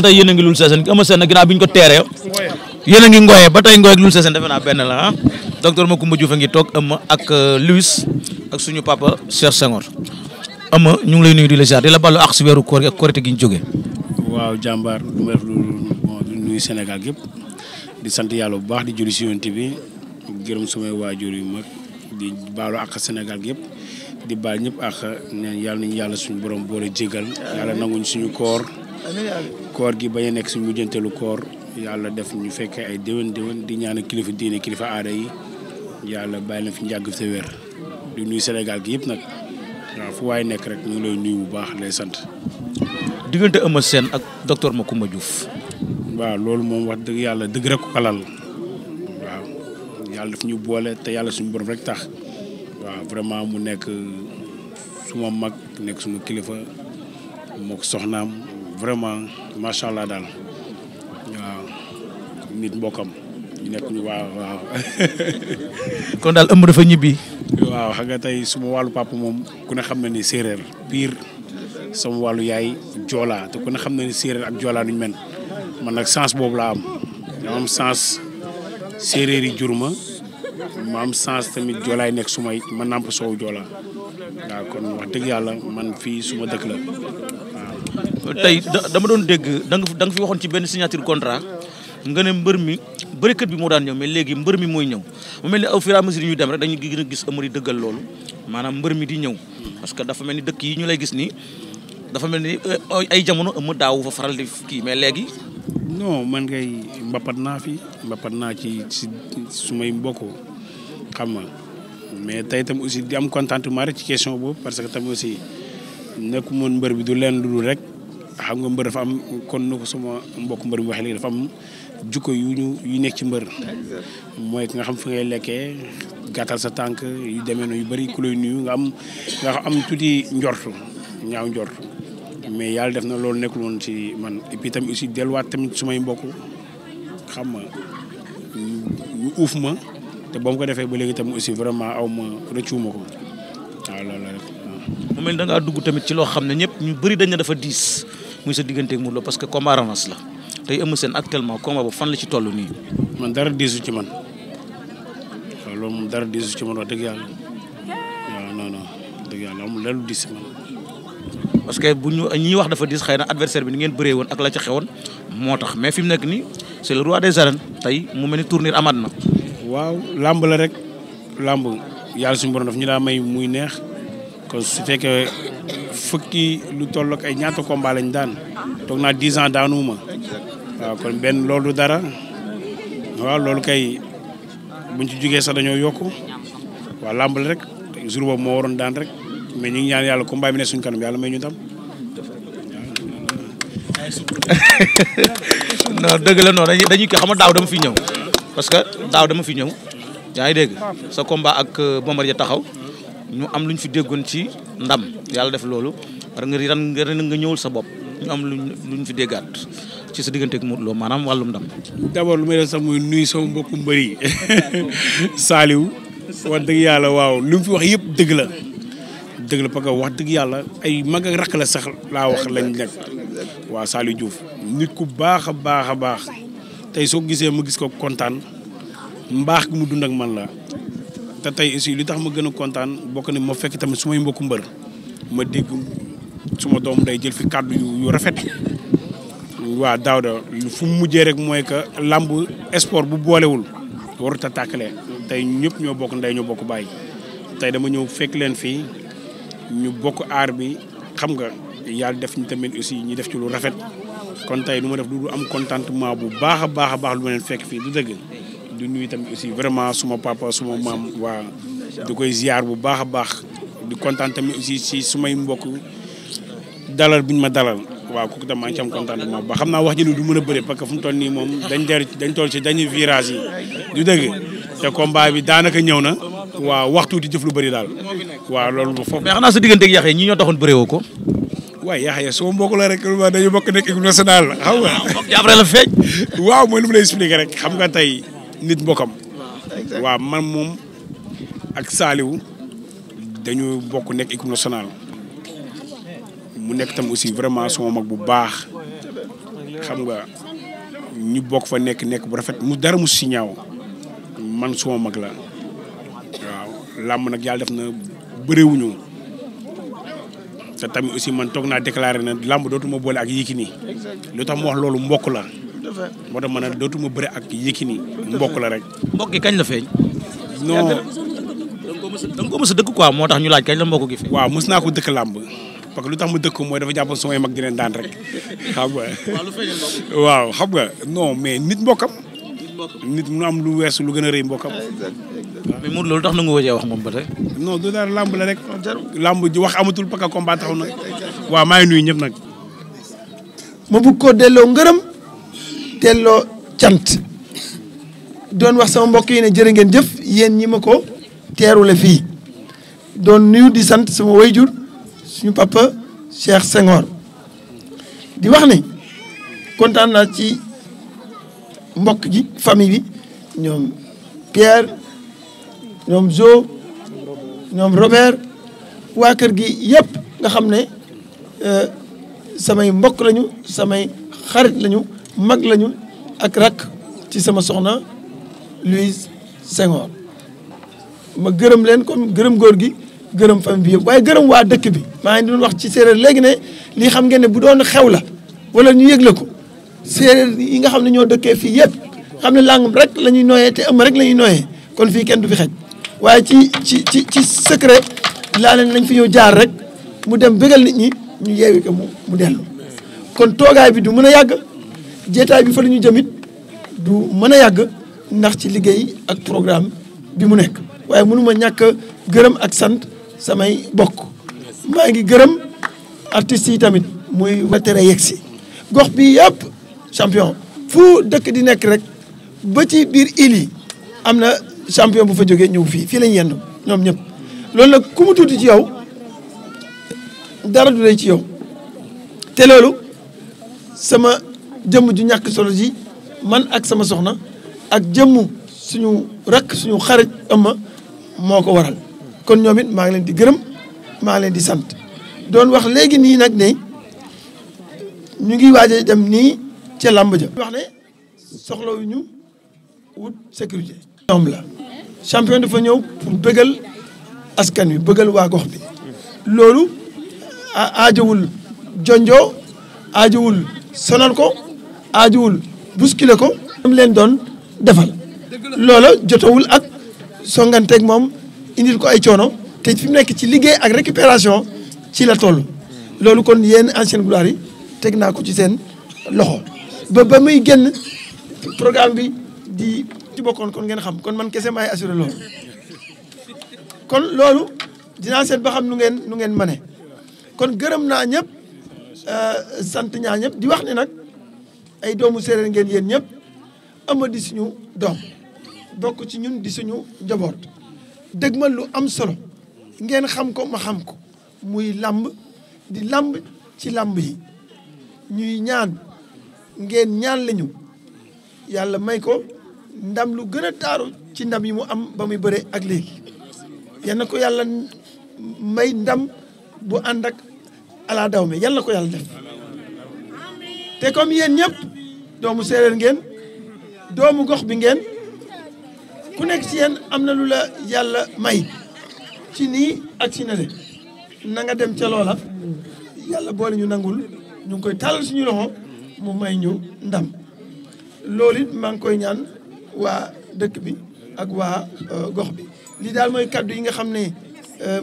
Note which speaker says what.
Speaker 1: ba tey yéen a ngi lul seeseen Eumeu Sène ginnaaw bi ñu ko teeree yéen a ngi ngooyee ba tey ngooy ak lul seeseen defe naa benn la ah docteur a ngi toog Eumeu ak euh, Louis ak suñu papa Cheikh Senghor Eumeu ngi lay nuyu di la la ballu ak si weeru koor gi ak korite gi ñu jógee
Speaker 2: waaw jàmbaar du ma def di sant yàlla bu baax di julli si yonent bi gërëm sumay waajur yu mag di baalu ak Sénégal gépp di baal ñëpp ak neen yàlla nañu yàlla suñu borom boole jégal yàlla nanguñ suñu koor koor gi bañ a nekk suñu mujjanteelu koor yàlla def ñu fekkee ay déwén déwén di ñaan kilifa diine kilifa aada yi yàlla bàyyi na fi njàgg fi sa wér di nuyu Sénégal gi yëpp nag waaw fu waay nekk rek ñu ngi lay nuyu bu baax lay sant. diggante Eumeu Sène ak docteur Macoumba Diouf. waaw loolu moom wax dëgg yàlla dëgg rek ko alal waaw yàlla suñu boole te yàlla suñu borom rek tax waaw vraiment mu nekk suma mag nekk suñu kilifa mook soxnaam. vraiment macha allah daal waaw nit mbokkam ñu nekk ñu waaw waaw. kon daal ëmb dafa ñibbi. waaw xam nga tey suma wàllu papa moom ku ne xam na ni séeréer pire sama wàllu yaay joolaa te ku ne xam na ni séeréer ak joolaa nuñ men man nag sens boobu laa am dama am sens séeréer yi jur ma ma am sens tamit joolaay nekk sumay may ma nàmp soow joolaa waaw kon wax dëgg yàlla man fii suma dëkk la.
Speaker 1: tey dama doon dégg da nga da nga fi waxoon ci benn signature contrat nga ne mbër mi bërikat bi moo daan ñëw mais léegi mbër mi mooy ñëw mu mel ne au fur et ñuy dem rek dañuy gën a gis Eumeury dëggal loolu maanaam mbër mi di ñëw parce que dafa ni dëkk yi ñu lay gis nii dafa mel ni euh, ay jamono Eumeu daawu fa faral di
Speaker 2: kii mais léegi non man ngay mbapat naa fi mbapat naa ci si su mbokk xam nga mais tey tam aussi di am contentement rek ci question boobu parce que tam aussi nekku moon mbër bi du leen lu dul rek xam nga mbër dafa am kon nu ko suma mbokk mbër mi waxee léegi dafa am jukko yu ñu yu nekk ci mbër mooy ki xam fi ngay lekkee gàttal sa tànk yu demee noonu yu bëri ku nuyu nga am nga am tuuti njortu ñaaw njortu mais yàlla def na loolu nekkul woon ci man et puis tamit aussi delluwaat tamit sumay mbokk xam ma ñu uuf ma te ba ko defee ba léegi tamit aussi vraiment aw ma rëccuwuma ko waaw loolu rek
Speaker 1: mu mel da dugg tamit ci loo xam ne ñëpp ñu bëri dañ dafa diis muy sa diggante ak Modou parce que combat revanche la tey Eumeu Sène actuellement combat bu fan la ci toll nii. man dara diisu ci man waaw loolu moom ci man dëgg yàlla waaw non dëgg yàlla amul lenn diis parce que bu ñu ñi wax dafa diis xëy na adversaire bi ni ngeen bëree woon ak la ca xewoon moo tax mais fi nekk nii c'est le roi des arènes tey mu mel ni tournir amaat na.
Speaker 2: waaw làmb la rek làmb yàlla suñu borom daf ñu laa may muy neex. kon su fekkee fukki lu toll ay ñaata combat lañ daan toog naa dix ans daanuwuma waaw kon benn loolu dara waaw loolu kay buñ ci jógee sax dañoo yokk waaw làmb rek jour boobu moo waroon daan rek mais ñu ñaan yàlla combat bi ne suñu kanam yàlla may ñu dam
Speaker 1: non dëgg la non dañuy dañuy xam daaw dama fi ñëw parce que daaw dama fi ñëw yaa ngi sa combat ak euh, Bombardier taxaw ñu am lu ñu fi déggoon ci ndam yàlla def loolu ren nga ren nga ñëwul sa bopp ñu am luñ luñ fi déggaat
Speaker 2: ci sa diggante ak Modou Lo maanaam wàllum ndam. d'abord lu may def sax muy nuyu sama mbokku mbër yi Saliou wax dëgg yàlla waaw li mu fi wax yëpp dëgg la dëgg la parce wax dëgg yàlla ay mag a rakk la sax laa wax lañ nekk waaw Saliou Diouf nit ku baax a baax a baax tey soo gisee ma gis ko kontaan mbaax gi mu dund ak man la te tey aussi li tax ma gën a kontaan bokk na ma fekk tamit su may mbokku mbër ma dégg suma doom day jël fi kàddu yu rafet waa Daouda fu mu mujjee rek mooy que làmb sport bu boolewul warut a tàkkalee tey ñëpp ñoo bokk nday ñoo bokk bàyyi tey dama ñëw fekk leen fii ñu bokk aar bi xam nga yàlla def ñu tamit aussi ñu def ci lu rafet kon tey lu ma def du am contentement bu baax a baax a baax lu ma leen fekk fii du dëgg di nuyu tamit aussi vraiment suma papa suma maam waa di koy ziar bu baax a baax di kontaan tamit si sumay mbokk dalal bu ma dalal waaw kooku tam maa ngi ci am contentement bu baax xam naa a bëri parce mu toll nii moom dañ der dañ toll si dañuy virage yi du dëgg te combat bi daanaka ñëw na waaw waxtu di jëf lu bëri ba foofu mais xanaa sa
Speaker 1: diggante ak Yaxya ñi ñoo taxoon bëree woo ko
Speaker 2: waaye Yaxya suma mbokk la rek dañu bokk nekk équipe nationale xam nga après ah, feeñ waaw mooy lu mu lay expliquer rek xam nga tey nit mbokkam ah, waaw man moom ak Saliou dañu bokk nekk équipe nationale mu nekk tam aussi vraiment sama mag bu baax xam nga ñu bokk fa nekk nekk bu rafet mu dara mu si ñaaw man sama mag la waaw làmb nag yàlla def na bëreewuñu te tamit aussi man toog naa déclaré na làmb dootuma boole ak Yékini lu tax mu wax loolu mbokk la moo tax ma ne dootuma bëri ak Yékini mbokk la rek. mbokk gi kañ la feeñ. non da nga ko dëkk quoi moo tax ñu laaj kañ la mbokk gi feeñ. waaw mës naa ko dëkk làmb parce que lu tax ma dëkk mooy dafa jàpp sumay mag di leen daan waaw xam nga non mais nit mbokkam. nit mu lu weesu lu gën a rëy mbokkam. mais loolu tax na nga wëjee wax moom ba tey. non du la rek. Oh, làmb ji wax
Speaker 3: amatul parce que combat waaw maa ngi nuyu nag. ma bëgg koo delloo ngërëm. delloo cant doon wax sama mbokk yi ne jërë ngeen jëf yéen ñi ma ko teerule fii doon nuyu di sant sama wayjur suñu papa Cheikh Senghor di wax ne kontaan naa ci mbokk ji famille bi ñoom Pierre ñoom Jo ñoom Robert waa kër gi yëpp nga xam ne euh, samay mbokk lañu samay xarit lañu mag lañu ak rakk ci sama soxna Louise Senghor ma gërëm leen kon gërëm góor gi gërëm famille bi waaye gërëm waa dëkk bi maa ngi doon wax ci séeréer léegi ne lii xam ngeen ne bu doon xew la wala ñu yëgle ko séeréer yi nga xam ne ñoo dëkkee fii yëpp xam ne làngum rek la ñuy nooyee te am rek la ñuy nooyee kon fii kenn du fi xej waaye ci ci ci ci secret laa leen nañ fi ñëw jaar rek mu dem bégal nit ñi ñu yeewi ko mu mu dellu kon toogaay bi du mën a yàgg jeetaay bi fa la ñu jëmit du mën a yàgg ndax ci liggéey ak programme bi mu nekk waaye mënuma ñàkk gërëm ak sant samay bokk maa ngi gërëm artistes yi tamit muy watere yegg si gox bi yëpp champion fu dëkk di nekk rek ba ci biir île am na champion bu fa jógee ñëw fii fii lañ yenn ñoom ñëpp loolu nag ku mu tuuti ci yow dara du lay ci yow te loolu sama jëmm ju ñàkk solo ji man ak sama soxna ak jëmm suñu rakk suñu xarit ëmma moo ko waral kon ñoom it maa ngi leen di gërëm maa ngi leen di sant doon wax léegi nii nag ne ñu ngi waaj dem nii ca làmb ja wax ne soxlawuñu wut sécurité ñoom la champion dafa ñëw pour bëggal askan wi bëggal waa gox bi loolu aajowul jonjoo aajowul sonal ko aajuwul bousculer ko am leen doon defal loola jotawul ak songanteeg moom indil ko ay coono te fi mu nekk ci liggéey ak récupération ci la toll loolu kon yéen ancienne gloire yi teg naa ko ci seen loxo ba ba muy génn programme bi di ci bokkoon kon ngeen xam kon man kese maay assuré loolu kon loolu dinaa seet ba xam nu ngeen nu ngeen mane kon gërëm naa ñëpp euh, sant ñaa ñëpp di wax ne nag ay doomu séeréer ngeen yéen ñëpp ama di suñu doom bokk ci ñun di suñu njaboot dëgg ma lu am solo ngeen xam ko ma xam ko muy làmb di làmb ci làmb yi ñuy ñaan ngeen ñaan lañu yàlla may ko ndam lu gën a taaru ci ndam yi mu am ba muy bëre ak léegi yal ko yàlla may ndam bu ànd ak ala daw mi ko yàlla def te comme yéen ñëpp doomu séeréer ngeen doomu gox bi ngeen ku nekk ci yenn am na lu la yàlla may ci nii ak ci nale na dem ca loola yàlla boole ñu nangul ñu ngi koy tàllal suñu loxo mu may ñu ndam loolu it maa ngi koy ñaan waa dëkk bi ak waa euh, gox bi lii daal mooy kàddu yi nga xam ne euh,